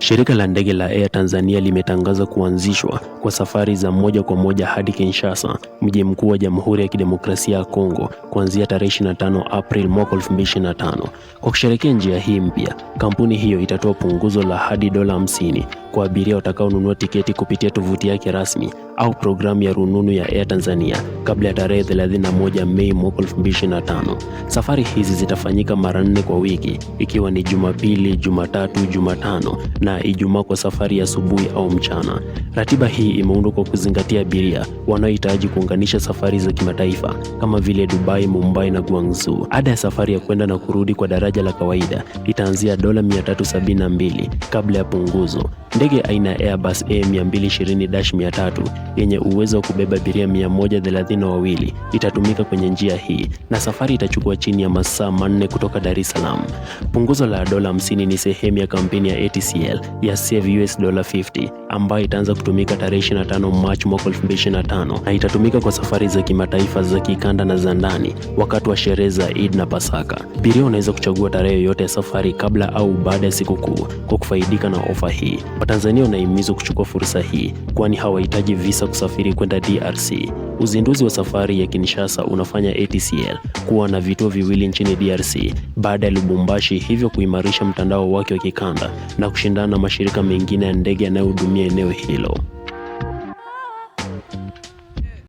Shirika la ndege la Air Tanzania limetangaza kuanzishwa kwa safari za moja kwa moja hadi Kinshasa, mji mkuu wa Jamhuri ya Kidemokrasia ya Kongo, kuanzia tarehe 25 Aprili mwaka 2025. Kwa kusherekea njia hii mpya, kampuni hiyo itatoa punguzo la hadi dola 50 kwa abiria watakaonunua tiketi kupitia tovuti yake rasmi au programu ya rununu ya Air Tanzania kabla ya tarehe 31 Mei mwaka 2025. Safari hizi zitafanyika mara nne kwa wiki, ikiwa ni Jumapili, Jumatatu, Jumatano na Ijumaa kwa safari ya asubuhi au mchana. Ratiba hii imeundwa kwa kuzingatia abiria wanaohitaji kuunganisha safari za kimataifa kama vile Dubai, Mumbai na Guangzhou. Ada ya safari ya kwenda na kurudi kwa daraja la kawaida itaanzia dola 372 kabla ya punguzo Ndege aina ya Airbus A220-300 yenye uwezo wa kubeba abiria 132 itatumika kwenye njia hii na safari itachukua chini ya masaa manne kutoka Dar es Salaam. Punguzo la dola 50 ni sehemu ya kampeni ya ATCL ya Save US Dollar 50 ambayo itaanza kutumika tarehe 25 Machi mwaka 2025 na itatumika kwa safari za kimataifa, za kikanda na za ndani wakati wa sherehe za Eid na Pasaka. Abiria unaweza kuchagua tarehe yoyote ya safari kabla au baada ya sikukuu kwa kufaidika na ofa hii. Watanzania wanahimizwa kuchukua fursa hii, kwani hawahitaji visa kusafiri kwenda DRC. Uzinduzi wa safari ya Kinshasa unafanya ATCL kuwa na vituo viwili nchini DRC baada ya Lubumbashi, hivyo kuimarisha mtandao wake wa kikanda na kushindana na mashirika mengine ya ndege yanayohudumia eneo hilo.